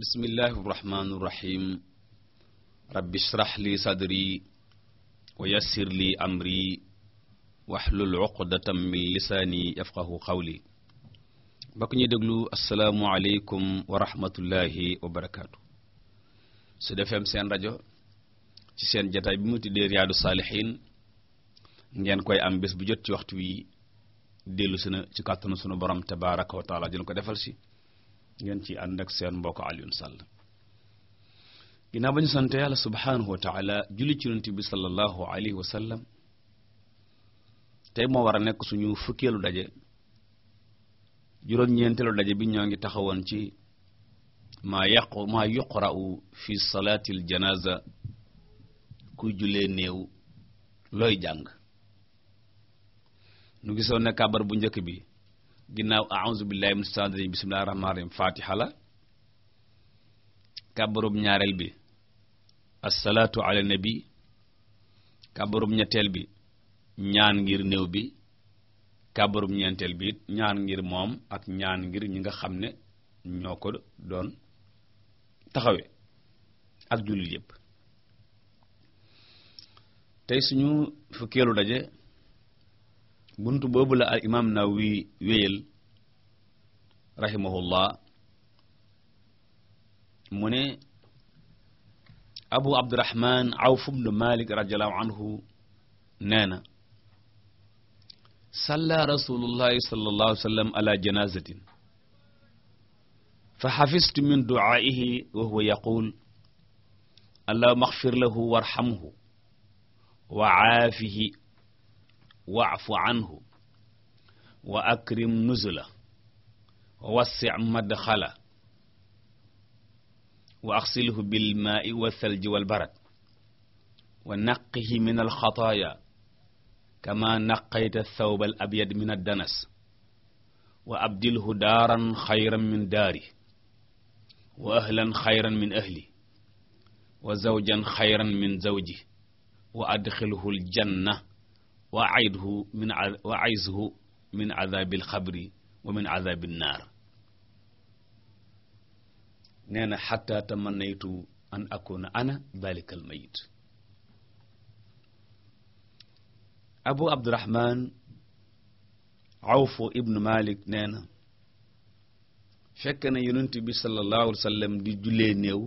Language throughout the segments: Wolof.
bismillahi irrahmani irrahim rabbi shrah li sadri wa yassir li amri waxlul uqdatam min lisaani yafqahu qawli mbokk ñuy déglu asalaamualeykum wa rahmatullahi wa barakaatu su defeem seen rajo ci seen jataay bi mu tuddee riyaadu saalihiin ngeen koy am bés bu jot ci waxtu wi dellu si na ci kàttanu sunu borom tabaraka wa taala dina ko defal si ngeen ci ànd ak seen mbokk Alioune Sall ginnaaw ba ñu sant yàlla subhaanahu wa taala julli ci yonent bi sallallahu alayhi wa sallam tey moo war a nekk suñu fukkeelu daje juróom-ñeenteelu daje bi ñoo ngi taxawoon ci maa yaqu maa yuqra'u fi salaatil janaza kuy jullee néew looy jàng nu gisoon ne kàbbar bu njëkk bi ginnaaw a'uuzu billahi minash shaytaanir rajiim bismillahir rahmaanir rahiim fatiha la kàbbarub ñaareel bi assalaatu ala nabi kàbbarub ñetteel bi ñaan ngir néew bi kàbbarub ñeenteel bi ñaan ngir moom ak ñaan ngir ñi nga xam ne ñoo ko doon taxawe ak jullit yépp tey suñu fukkeelu daje bunt boobu la al imaam Nawawi wéyal rahimahullah mu ne abu abdurahman awf ibn malik radiallahu anhu nee na salla rasulullahi sallallahu alayhi wa sallam ala janazatin fa xafistu min duaihi wa huwa yaqul allahuma axfir lahu warhamhu wa aafihi waafu anhu wa akrim nuzula wa wassi madxala wa axsilhu bil maai wa thalji wal barad wa naqqihi min al xataaya kama naqayta thawb al abyad min ad danas wa abdilhu daaran xayran min daari wa ahlan xayran min ahli wa zawjan xayran min zawji wa adxilhu al janna wa aydhu min wa aizhu min adhabil xabri wa min adhabil naar nee na xatta tamannaytu an akuna ana dhalika al mayit abu abdurahman awfu ibnu malik nee na fekk na yonent bi sallallahu alayhi wa sallam di jullee néew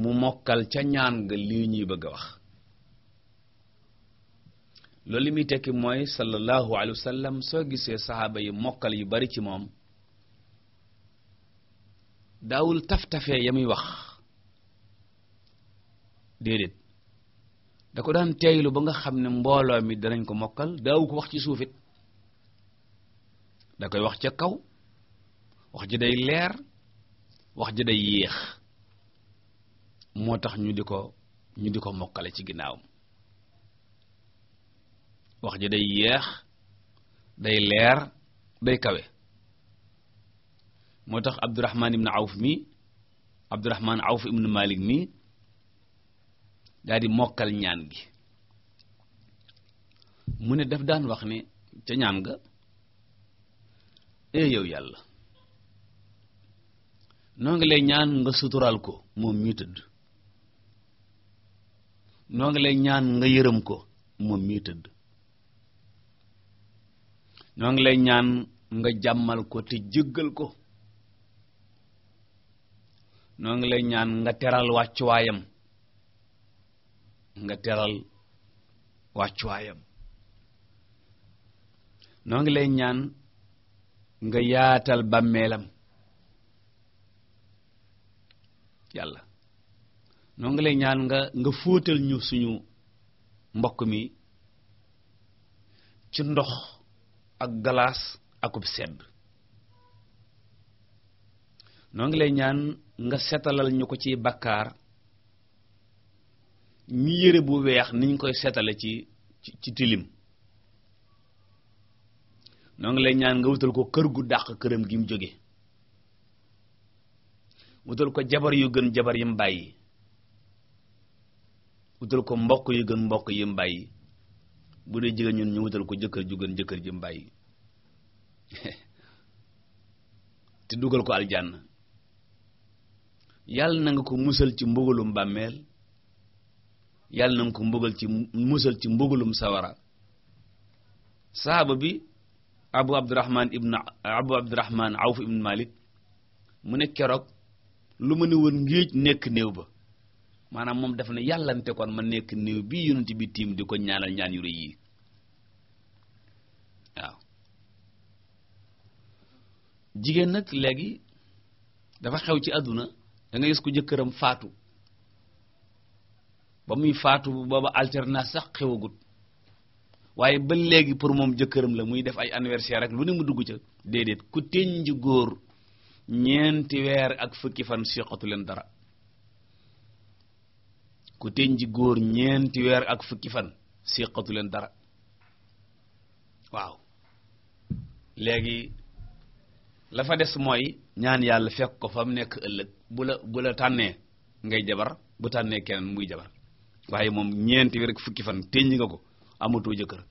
mu mokkal ca ñaan nga lii ñuy bëgg a wax loolu li muy tekki mooy sallallahu alayhi wa sallam soo gisee saxaaba yi mokkal yu bari ci moom daawul taf-tafee ya wax déedéet da ko daan teeylu ba nga xam ne mbooloo mi danañ ko mokkal daawu ko wax ci suufit da koy wax ca kaw wax ji day leer wax ji day yéex moo tax ñu di ko ñu di ko mokkale ci ginnaawam wax ji day yeex day leer day kawe moo tax Abdurrahman ibn Awf mi Abdurrahman Awf ibn Malik mi daldi mokkal ñaan gi mu ne daf daan wax ni ca ñaan ga ee yow yàlla noo ngi lay ñaan nga suturaal ko moom mi tëdd noo ngi lay ñaan nga yërëm ko moom mi tëdd ñoo ngi lay ñaan nga jàmmal ko te jéggal ko ñoo ngi lay ñaan nga teral wàccuwaayam nga teral wàccuwaayam ñoo ngi lay ñaan nga yaatal bàmmeelam yàlla ñoo ngi lay ñaan nga nga fóotal ñu suñu mbokk mi ci ndox ak galaas akub sedd noo ngi lay ñaan nga setalal ñu ko ci bakkaar mi yére bu weex niñ koy seetale ci ci tilim noo ngi lay ñaan nga wutal ko kër gu dàq këram gi mu jóge wutal ko jabar yu gën jabar yi mu bàyyi wutal ko mbokk yu gën mbokk yi mu bàyyi bu dee jigéen ñun ñu wutal ko jëkkër ju gën jëkkër ji mbàyyi te dugal ko aljanna yàlla na nga ko musal ci mbugalum bàmmeel yàlla na ko mbugal ci musal ci mbugalum sawara saaba bi abu abdurrahman ibn abu abdurrahman awf ibn malik mu ne keroog lu ma ne woon ngéej nekk néew ba maanaam moom daf ne yàllante kon ma nekk néew bii yonent bi tiim di ko ñaanal ñaan yu rëy yi waaw jigéen nag léegi dafa xew ci àdduna da nga gis ko jëkkëram faatu ba muy faatu booba alternance sax xewagut waaye ba léegi pour moom jëkkëram la muy def ay anniversaire rek lu ne mu dugg ca déedéet ku teñ ji góor ñeenti weer ak fukki fan siqatu leen dara ku tenji góor ñeenti weer ak fukki fan séqatu leen dara waaw léegi la fa des mooy ñaan yàlla fekk ko fa mu nekk ëllëg bu la bu la tànnee ngay jabar bu tànnee kenn muy jabar waaye moom ñeenti weer ak fukki fan tenji nga ko amatoo jëkkër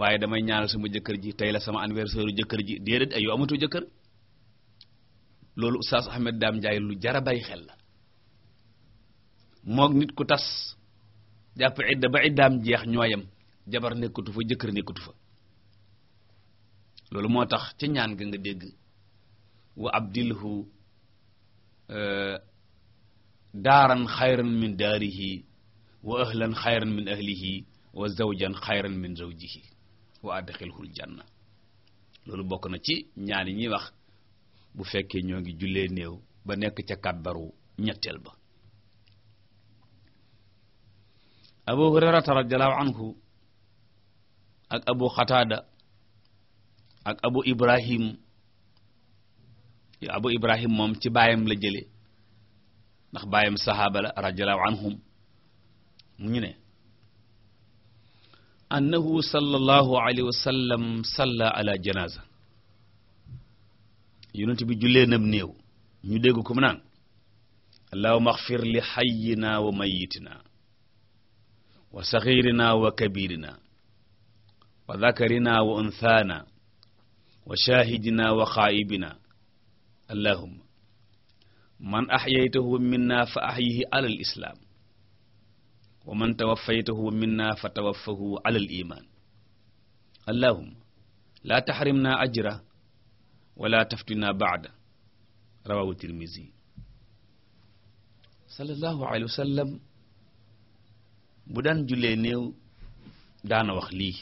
waaye damay ñaanal sama jëkkër ji tey la sama anniversaire jëkkër ji déedéet ay yoo amatoo jëkkër loolu Oustaz Ahmed Dame Ndiaye lu jara bàyyi xel la mook nit ku tas jàpp idda ba iddaam jeex ñooyam jabar nekkatu fa jëkkër nekkatu fa loolu moo tax ca ñaan ga nga dégg wa abdilhu euh, daaran xayran min daarihi wa ahlan xayran min ahlihi wa zawjan xayran min zawjihi wa adxilhul janna loolu bokk na ci ñaan yi ñuy wax bu fekkee ñoo ngi jullee néew ba nekk ca kàbbaru ñetteel ba abu hurairata radiallahu anhu ak abu xataada ak ibrahim abu ibrahim moom ci baayam la jële ndax baayam sahaaba la radiallahu anhum mu ñu ne annahu sallallahu alayhi wa sallam salla ala janaza yonent bi jullee nam néew ñu dégg ko mu naan allahumma ighfir li hayyina wa na wa saxiirina wa kabirina wa dakarina wa unthaana wa shaahidina wa xaayibina allahumma man axyaytahu minna fa axyihi ala al islaam wa man tawaffaytahu minna fa tawaffahu ala al iman allahumma laa taxrimna ajra wala taftina baada rawahu tirmisi sallallahu alayhi wa sallam bu daan jullee néew daana wax lii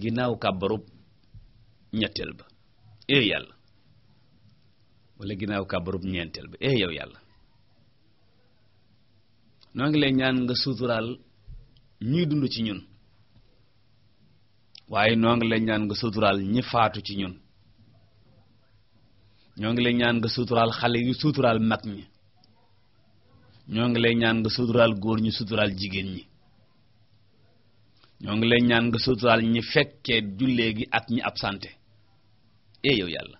ginnaaw kàbbarub ñetteel ba ee yàlla wala ginnaaw kàbbarub ñeenteel ba ee yow yàlla noo ngi lay ñaan nga suturaal ñuy dund ci ñun waaye noo ngi lay ñaan nga suturaal ñi faatu ci ñun ñoo ngi lay ñaan nga suturaal xale yu suturaal mag ñi ñoo ngi lay ñaan nga suturaal góor ñu suturaal jigéen ñi ñoo ngi lay ñaan nga suturaal ñi fekkee jullee gi ak ñi absente eh yow yàlla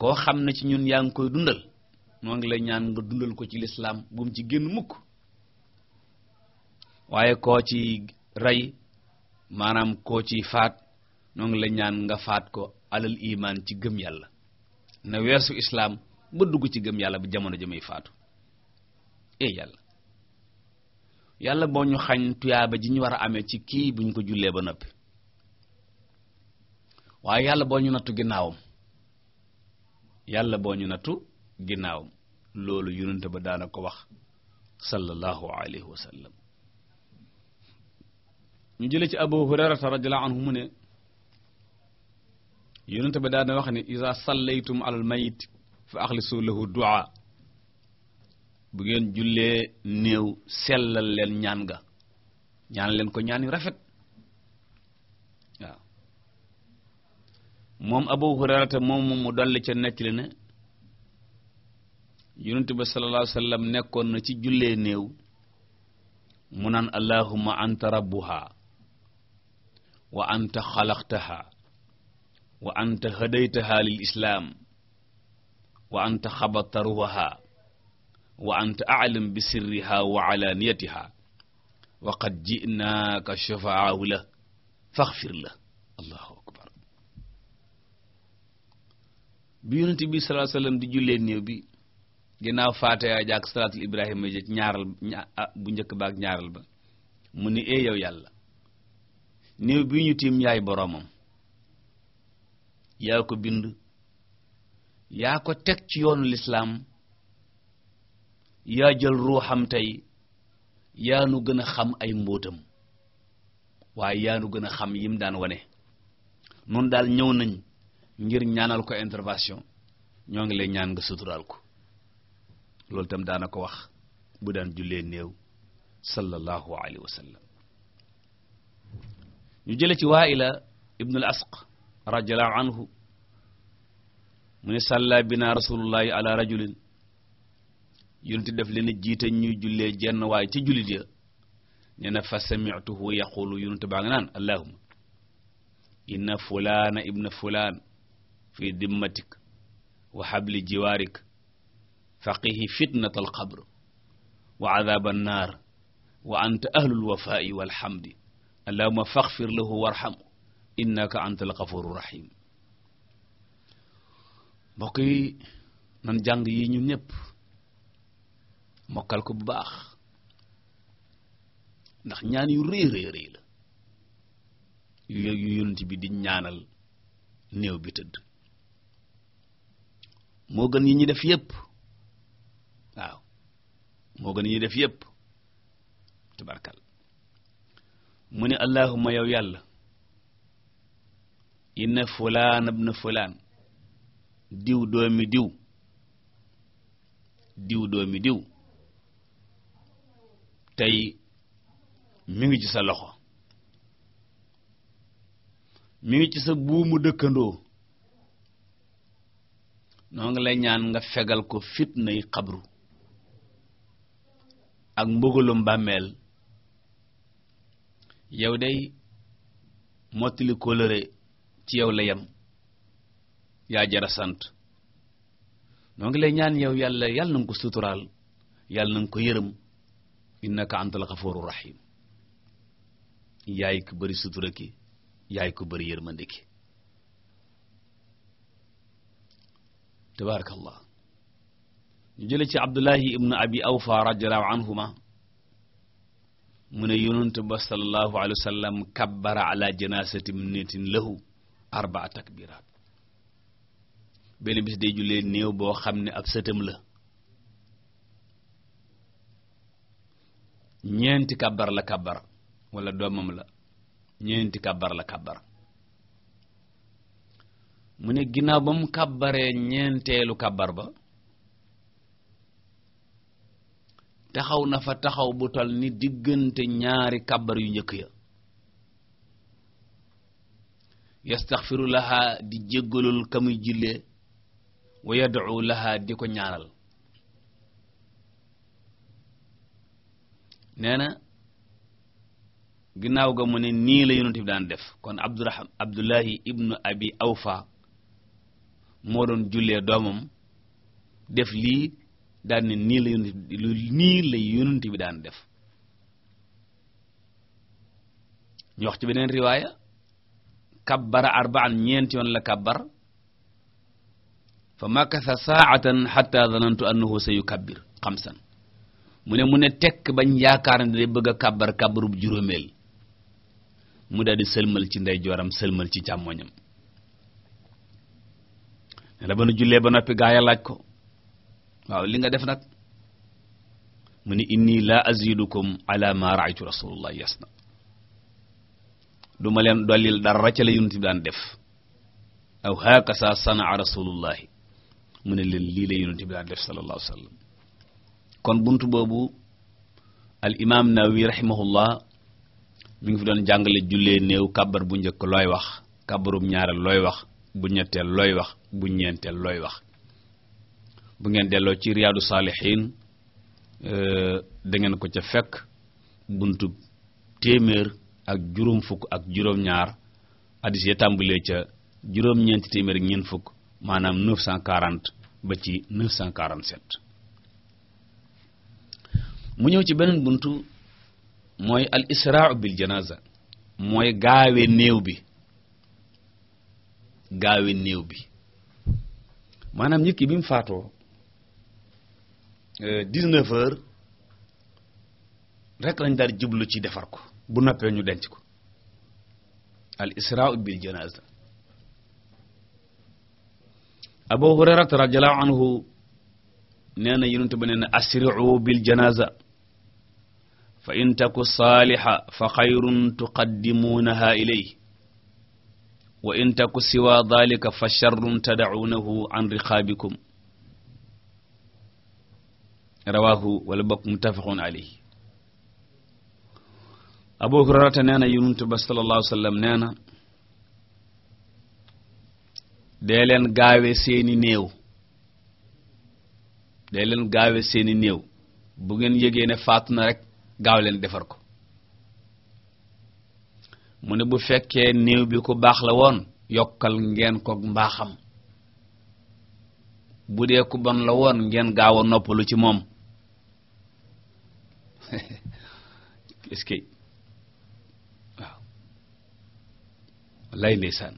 koo xam ne ci ñun yaa ngi koy dundal ñoo ngi lay ñaan nga dundal ko ci lislaam bu mu ci génn mukk waaye koo ci rey maanaam koo ci faat ñoo ngi lay ñaan nga faat ko alal imaan ci gëm yàlla na weesu islaam ba dugg ci gëm yàlla bu jamono ja faatu eh yàlla yàlla boo ñu xañ tuyaaba ji ñu war a amee ci kii bu ñu ko jullee ba noppi waaye yàlla boo ñu nattu ginnaawam yàlla boo ñu nattu ginnaawam loolu yonent ba daana ko wax sallallahu alayhi wa sallam ñu jële ci abu hurairata radiyallahu anhu mu ne yonent ba daana wax ne iza sallaytum alal mayit fa axlisu lahu du'a bu ngeen jullee néew sellal leen ñaan ga ñaan leen ko ñaan yu rafet waaw moom Abu Hurayrata moom mu dolli ca nettali ne yonent bi sallallahu alayhi wasallam nekkoon na ci jullee néew mu naan allahumma anta rabbuha wa anta xalaqtaha wa anta hadaytaha lil islam wa anta xabatta wa anta a'lam bi sirriha wa alaniyatiha wa qad ji'naaka shufa'ahu la faghfir la allahu akbar bi yonent bi sallallahu alayhi wasallam di jullee néew bi ginnaaw faatiha jaak salaatul ibrahima ja ñaaral ah, bu njëkk ba ak ñaaral ba mu ni ee yow yàlla néew bi ñu tiim yaay boroomam yaa ko bind yaa ko teg ci yoonu lislaam yaa jël ruuxam tey yaa nu gën a xam ay mbóotam waaye yaa nu gën a xam yim daan wone nun daal ñëw nañ ngir ñaanal ko intervention ñoo ngi lay ñaan nga suturaal ko loolu tam daana ko wax bu daan jullee néew sallallahu alayhi wa ñu jële ci Waa'ila ibn al-Asq radiyallahu anhu mu ne salla bina ala rajulin yunti def leen jiite ñuy jullee jenn waaye ci jullit ya nee na fa sami'tuhu yaqulu yunti baa nga naan allahumma inna fulana ibna fulan fi dimmatik wa habli jiwaarik faqihi fitnat alqabr wa adhaab annaar wa anta ahlul wafaa'i walhamdi allahumma faghfir lahu warhamhu innaka anta alghafuru rahim mbokk yi nan jàng yi ñun ñëpp mokkal ko bu baax ndax ñaan yu rëy rëy rëy la yu yu yonent bi di ñaanal néew bi tëdd moo gën yi ñu def yépp waaw moo gën yi ñu def yépp tabarkal mu ne allahumma yow yàlla inna fulaan ibn fulaan diw doomi diw diw doomi diw tey mu ngi ci sa loxo mu ngi ci sa mu dëkkandoo noo ngi lay ñaan nga fegal ko fitnay xabru ak mbugalum bàmmeel yow day mottali kóllëre ci yow la yem yaa jara sant noo ngi lay ñaan yow yàlla yàlla na nga ko suturaal yàlla na nga ko yërëm innaka antal ghafurur rahim yaay ku bëri sutura ki yaay ku bëri yërmande ki tabarakallah ñu jële ci abdullahi ibnu abi awfa radiallahu anhuma mu ne yonentu ba sallallahu alayhi wa sallam kabbara ala janasati mnitin lahu arbaa takbiraat benn bis day jullee néew boo xam ne ab sëtam la ñeenti kabar la kabar wala doomam la ñeenti kabar la kabar mu ne ginnaaw ba mu kàbbaree ñeenteelu kàbbar ba taxaw na fa taxaw bu tol ni diggante ñaari kabar yu njëkk ya yastaxfiru laha di jéggalul ka muy jullee wa yad'u di ko ñaanal nee na ginnaaw ga mu ne nii la yonent bi daan def kon abdurahman ibnu abi awfa moo doon jullee doomam def lii daan ne nii la yonent nii bi daan def ñu wax ci beneen riwaaya kabbara arba'an ñeenti yoon la kabbar fa makatha sa'atan hatta dhanantu annahu sayukabbir xamsan mu ne mu ne tekk bañ yaakaar ne day bëgg a kàbbar kàbbarub juróomeel mu di sëlmal ci ndeyjooram sëlmal ci càmmoñam ne ba nu jullee ba noppi gaa laaj ko waaw li nga def nag mu ne inni la azidukum ala ma ra'aytu rasulullah yasna duma leen dollil dara ca la yunti daan def aw hakasa sanaa rasulullahi mu ne leen lii la yunti bi daan def sallallahu alayhi kon bunt boobu al imaam Nawawi rahimahullah mi ngi fi doon jàngale jullee néew kabar bu njëkk looy wax kàbbarum ñaareel looy wax bu ñetteel looy wax bu ñeenteel looy wax bu ngeen delloo ci riyaadu saalixiin euh, dangeen ko ca fekk buntu téeméer ak juróom fukk ak juróom ñaar addis ya tàmbalee ca juróom ñeenti téeméer ak ñeent fukk maanaam 940 ba ci 947 mu ñëw ci beneen buntu mooy al isra'u bil janaza mooy gaawe néew bi gaawe néew bi maanaam nit ki bi faatoo euh, dix-neuf heures rek lañ daal jublu ci defar ko bu noppee ñu denc ko al isra'u bil janaza abu hurairata radiyallahu anhu nee na yonent ba nee na asri'u bil janaza fa in taku saalixa fa xayrun tuqaddimuunaha ilay wa in taku siwa dalika fa charrun tadacuunahu an riqaabikum rawaahu wala bokk muttafaqun alayhi abu hurayrata nee na yonent ba sallallahu alayhi wa sallam nee na dee leen gaawe seeni néew dee leen gaawe seeni néew bu ngeen yëgee ne faatu na rek gaaw leen defar ko mu ne bu fekkee néew bi ku baax la woon yokkal ngeen ko mbaaxam bu dee ku bon la woon ngeen gaaw a noppalu ci moom est lay ndeysaan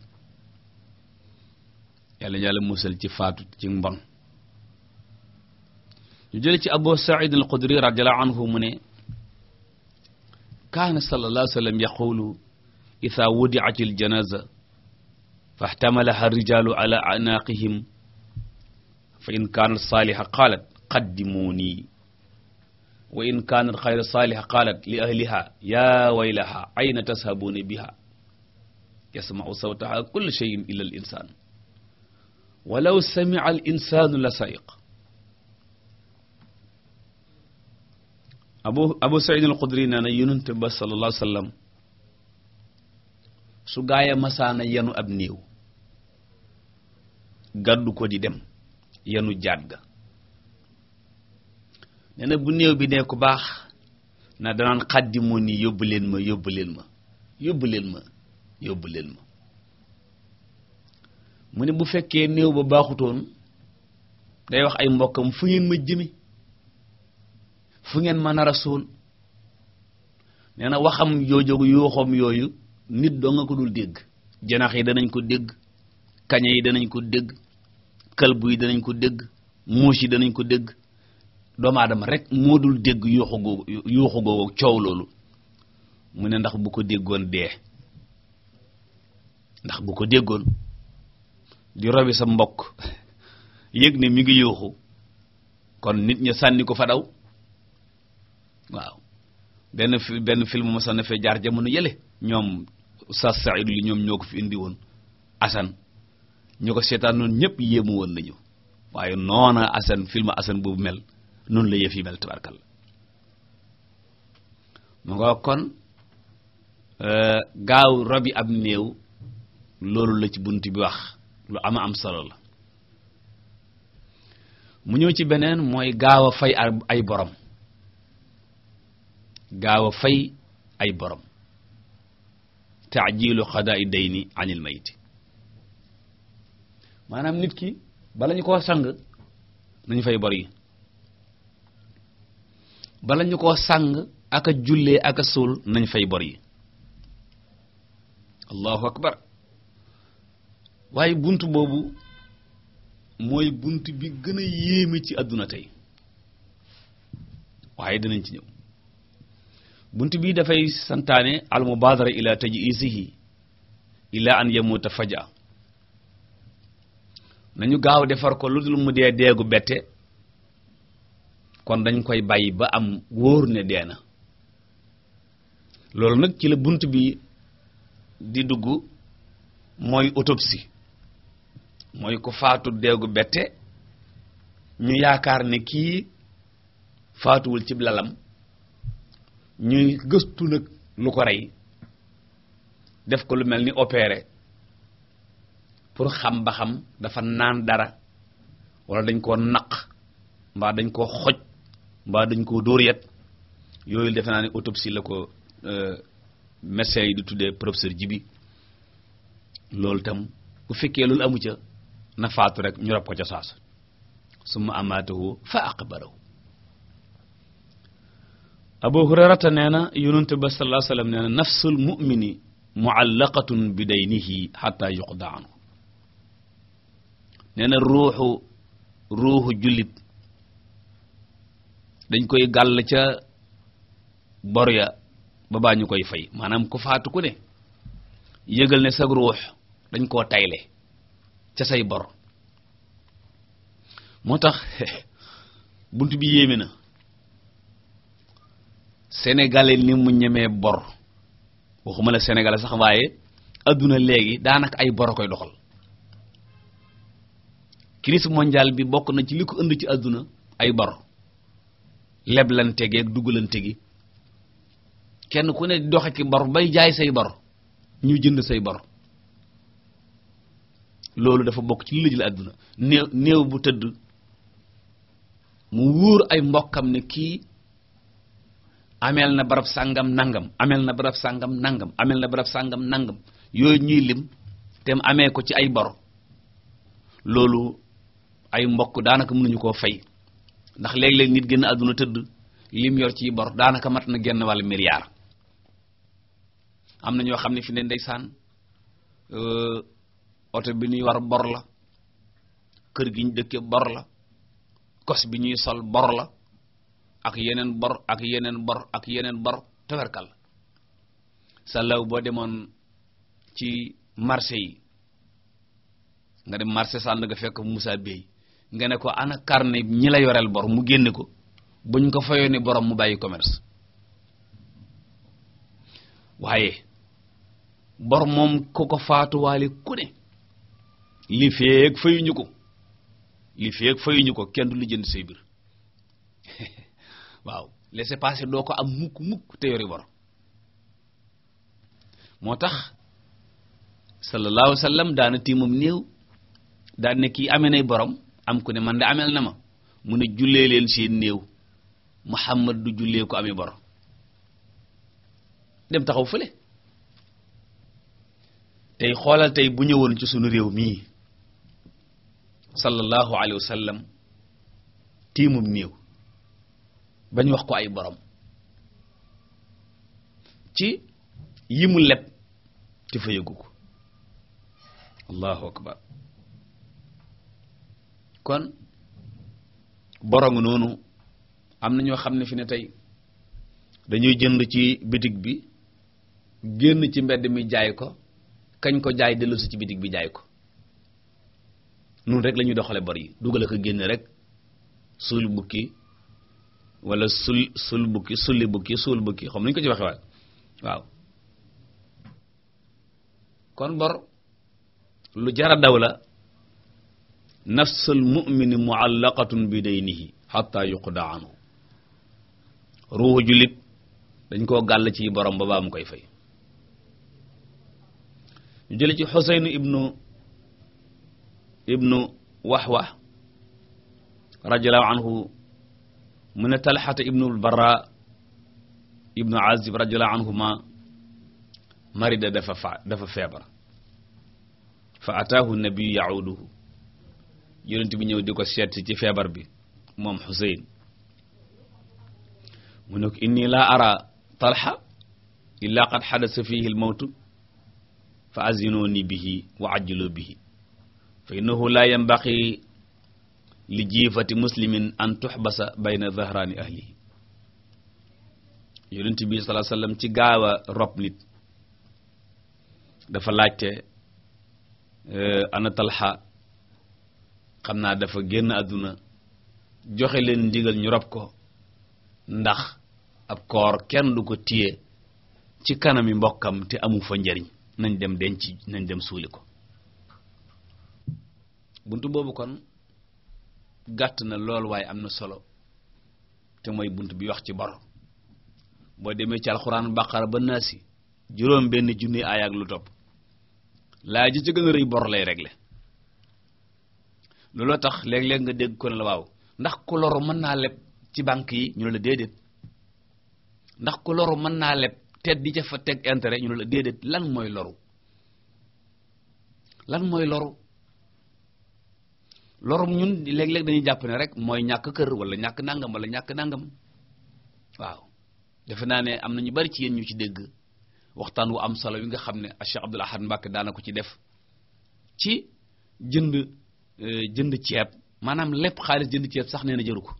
yàlla yàlla musal ci faatu ci mbon ñu jële ci Abu Sa'id al-Khudri radiyallahu anhu mu ne kaana sallallahu alayhi wa sallam yaqulu ida wudiat al janaza faxtamalaha rijalu ala anaaqihim fa in kaanat saaliha qaalat qaddimuuni wa in kaanat xayra saaliha qaalat li ahliha yaa waylaha ayna tashabuuna biha yasmau sawtaha kulla cheyin illa al insaan walaw samica al insaanu la saiq abu abu said al xudri nee ba sallallahu alayhi wasallam su gaaya masaana yanu ab néew gàddu ko di dem yanu jaat ga nee bu néew bi ne ko baax na danaan xaddi moo ni yóbbu ma yóbbu ma yóbbu ma yóbbu mu ne bu fekkee néew ba baaxutoon day wax ay mbokkam fu ngeen ma jëme fu ngeen mën a rasul nee na waxam joojoog yuuxam yooyu nit doo nga ko dul dégg janax yi danañ ko dégg kañe yi danañ ko dégg këlbu yi danañ ko dégg muus yi danañ ko dégg doomu aadama rek moo dul dégg yuuxu googu yuuxu googu coow loolu mu ne ndax bu ko déggoon dee ndax bu ko déggoon di robi sa mbokk yëg ne mi ngi yuuxu kon nit ña sànni ko fa daw waaw benn fi benn film ma sax fee jaar jamono yële ñoom Oustaz Saïd li ñoom ñoo ko fi indi woon Assane ñu ko seetaan noonu ñëpp yéemu woon nañu waaye noona Assane film Assane boobu mel noonu la yëf yi mel tabarkal mu nga kon euh, gaaw robi ab néew loolu la ci bunt bi wax lu ama am solo la mu ñëw ci beneen mooy gaaw a fay ay borom gaaw a fay ay borom taajilu xadaa'i ni anil mayiti maanaam nit ki bala ñu koo sang nañu fay bor yi bala ñu koo sang ak a jullee ak a suul nañ fay bor yi allahu akbar waaye bunt boobu mooy bunt bi gën a yéeme ci àdduna tey waaye dinañ ci ñëw bunt bii dafay santaane al mubadara ila tajisihi ila an yamuta faja nañu gaaw defar ko lu dul mu dee deegu bette kon dañ koy bàyyi ba am wóor ne dee na loolu nag ci la bunt bi di dugg mooy autopsie mooy ko faatu deegu bette ñu yaakaar ne kii faatuwul ci lalam ñuy gëstu nag lu ko rey def ko lu mel ni opéré pour xam ba xam dafa naan dara wala dañ koo naq mbaa dañ koo xoj mbaa dañ koo dóor yet yooyu defe naa ne autopsie la ko euh, médecins yi du tuddee professeur Jibi loolu itam bu fekkee loolu amu ca na faatu rek ñu rab ko ca saas summa amaatahu fa aqbarahu abu hurayrata nee na yonente ba sallallahu alayhi wasallam nee na nafsul mu'mini mu'allaqatun bi daynihi hatta yuqda anhu nee na ruuxu ruuxu jullit dañ koy gàll ca bor ya ba baa ñu koy fay maanaam ku faatu ku ne yëgal ne sag ruux dañ koo tayle ca say bor moo tax bunt bi yéeme na sénégalais ni mu ñemee bor waxuma la sénégalais sax waaye adduna léegi daanaka ay bor a koy doxal crise mondiale bi bokk na ci li ko ënd ci àdduna ay bor leblante gi ak dugalante gi kenn ku ne doxe ki bor bay jaay say bor ñu jënd say bor loolu dafa bokk ci li la jël adduna néew néew bu tëdd mu wóor ay mbokkam ne kii ameel na barab sàngam nangam ameel na barab sàngam nangam ameel na barab sàngam nangam yooyu ñuy lim te amee ko ci ay bor loolu ay mbokk daanaka mënuñu koo fay ndax léeg-léeg nit génn àdduna tëdd lim yor ci bor daanaka mat na genn wàllu milliard am na ñoo xam ne fi ne ndeysaan euh, oto bi ñuy war bor la kër gi ñu dëkke bor la kos bi ñuy sol bor la ak yeneen bor ak yeneen bor ak yeneen bor tabarkal sàllaw boo demoon ci marché yi nga dem marché sàll nga fekk Moussa Bey nga ne ko ana carnet ñi la yoreel bor mu génne ko buñ ko fayoo ni borom mu bàyyi commerce waaye bor moom ku ko faatuwaale ku ne li feek fayuñu ko li feek fayuñu ko kenn du lu jënd say waaw laissez-passer doo ko am mukk mukk te yori bor moo tax sallallahu alayhi wa sallam daana tiimam néew daan ne kii amee nay borom am ku ne man de ameel na ma mu ne jullee leen seen néew Muhammad du jullee ko amee bor dem taxaw fële tey xoolal tey bu ñëwoon ci sunu réew mii sallallahu alayhi wa sallam tiimum néew bañ wax ko ay borom ci yi mu leb te fa yëgu ko allahu akbar kon boroom noonu am na ñoo xam ne fi ne tey dañuy jënd ci bitig bi génn ci mbedd mi jaay ko kañ ko jaay dellusi ci bitig bi jaay ko noonu rek lañuy ñuy doxale bor yi dugal ko génn rek suul bukki wala sul sul bukki sulli ko ci waxe waay waaw kon bor lu jara daw la nafsul mu'mini mu'allaqatun bi daynihi hatta yuqda anhu ruuhu dañ koo gàll ci borom ba baa mu koy fay ñu jële Xuseyn ibnu ibnu Wahwah radiyallahu anhu mu ne talxata ibnul bara ibnu azib radiyallahu anhuma marida dafa fa dafa feebar fa ataahu nabiyu yauduhu yonent bi ñëw di ko seet ci feebar bi moom Xuseyn mu ne ko inni laa ara talxa illa qad xadasa fihi al mawtu fa azinuni bihi wa ajjilu bihi fa innahu laa yanbaqi li jiifati muslimin an tuhbasa bayna zahraani ahli yonent bi sallallahu alayhi wasallam ci gaaw a rob nit dafa laajte eh, ana talxa xam naa dafa génn àdduna joxe leen ndigal ñu rob ko ndax ab koor kenn du ko tiye ci kanami mbokkam te amu fa njariñ nañ dem denc nañ dem suuli ko buntu boobu kon gàtt na loolu waaye am na solo te mooy bunt bi wax ci bor boo demee ci alxuraan baqara ba naasi juróom benn junni aay lu topp laa ji ci gën a rëy bor lay régler looloo tax léeg-léeg nga dégg ko ne la waaw ndax ku loru mën naa leb ci banque yi ñu ne la déedéet ndax ku loru mën naa leb te di ca fa teg intere ñu ne la déedéet lan mooy loru lan mooy loru lorum ñun léeg-léeg dañuy jàpp ne rek mooy ñàkk kër wala ñàkk nangam wala ñàkk nangam waaw defe naa ne am na ñu bari ci yéen ñu ci dégg waxtaan wu am solo wi nga xam ne Cheikh Abdoul Ahad Mbacké daana ko ci def ci jënd euh, jënd ceeb maanaam lépp xaalis jënd ceeb sax nee na jëru ko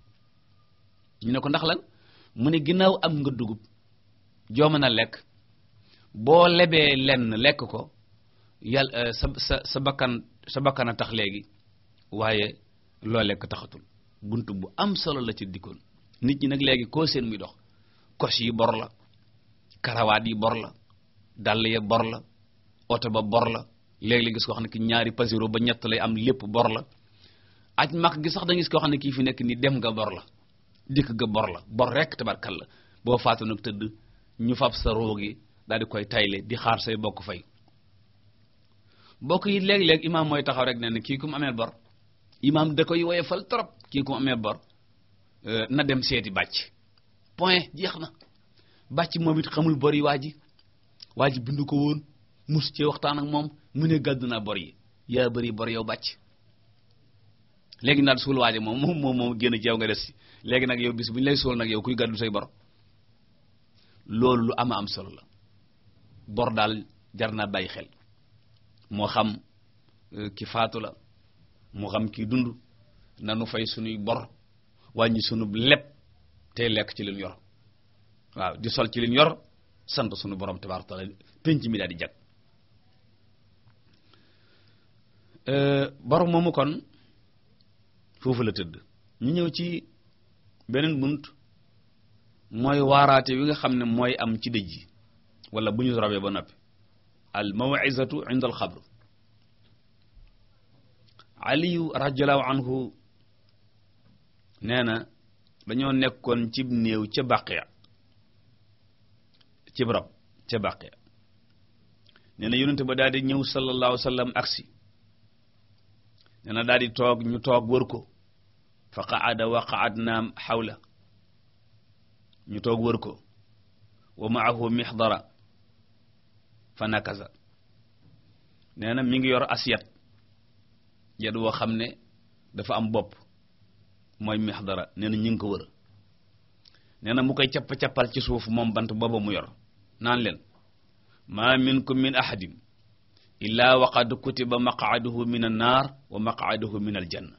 ñu ne ko ndax lan mu ne ginnaaw am nga dugub joo mën a lekk boo lebee lenn lekk ko yàlla euh, sa sa sa bakkan sa bakkan a tax léegi waaye loolee ko taxatul bunt bu am solo la ci dikkoon nit ñi nag léegi koo seen muy dox kos yi bor la karawaat yi bor la dàll ya bor la oto ba bor la léeg-léeg gis ko ki ñaari pasiro ba ñett lay am lépp bor la aj mag gi sax da gis koo xam ne kii fi nekk nii dem nga bor la dikk nga bor la bor rekk tabarkal la boo faatu nag tëdd ñu fab sa yi daal di koy tayle di xaar say bokk fay bokk yi léeg-léeg imaam mooy taxaw rek ne ne kii ku mu ameel bor imaam da koy woyefal trop kii ko amee bor euh, na dem seeti bàcc point jeex na bàcc moom it xamul bor yi waa ji bindu ko woon mus cee waxtaan ak moom mu ne gàddu naa bor yi yaa bëri bor yow bàcc léegi nag suul waaj moom moom moom moom génn ci yow nga des si léegi nag yow bis bu ñu lay suul nag yow kuy gàddu say bor loolu lu ama am solo la bor daal jar naa bàyyi xel moo xam euh, ki faatu la mu xam kii dund nanu fay sunuy bor wàññi sunu lépp tey lekk ci lim yor waaw di sol ci lim yor sant sunu borom tabaaraka taala penc mi daal di jag euh, borom moomu kon foofu la tëdd ñu ñëw ci beneen bunt mooy waaraate wi nga xam ne mooy am ci dëj yi wala bu ñu rabee ba noppi al maw'izatu 'inda al xabr aliyu radiallahu anhu nee na dañoo nekkoon cib néew ca baqiya cib rab ca baqiya nee na yonente ba daal ñëw sallallahu salam aksi nee na toog ñu toog wër ko fa qaada wa qaadna xawla ñu toog wër ko wa maahu mixdara fa nakaza nee na mi ngi yor asiyat jet woo xam ne dafa am bopp mooy mixdara nee na ñu ngi ko wër nee na mu koy cappa-cappal ci suuf moom bant boppa mu yor naan leen ma minkum min ahadin illa waqad kutiba maq'aduhu min an naar wa maq'aduhu min al janna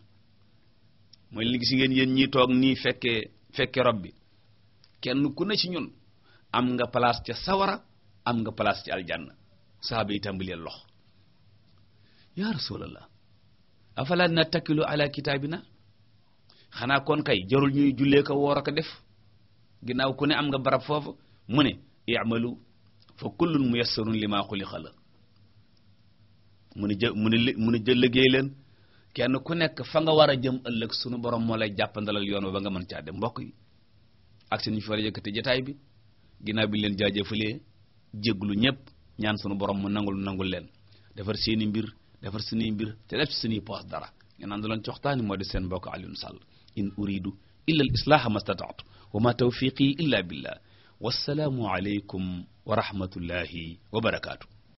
mooy li gis ngeen yéen ñii toog nii fekkee fekke rob bi kenn ku na ci ñun am nga palaas ca sawara am nga place ci aljanna saaba yi tàmbaleel lox ya afala nattakilu ala kitaabina xanaa kon kay jarul ñuy jullee ko woor ko def ginnaaw ku ne am nga barab foofu mu ne i'malu fa kullun muyassarun lima xuliqa la mu ne jë mu ne mu jël liggéey leen kenn ku nekk fa nga war a jëm ëllëg sunu borom moo lay jàppandalal yoon ba nga mën caa dem mbokk yi ak seen ñu fa war a yëkkati jotaay bi ginnaaw bi leen jaajëfalee jéglu ñépp ñaan sunu borom mu nangul nangul leen defar seeni mbir defar suñuy mbir te def ci suñuy poos dara ngeen naan doon ci waxtaani moo di seen mbokk Alioune Sall in uridu illa al islaha ma stata'tu wa ma tawfiqi illa billah wassalaamu alaykum wa rahmatullahi wa barakaatu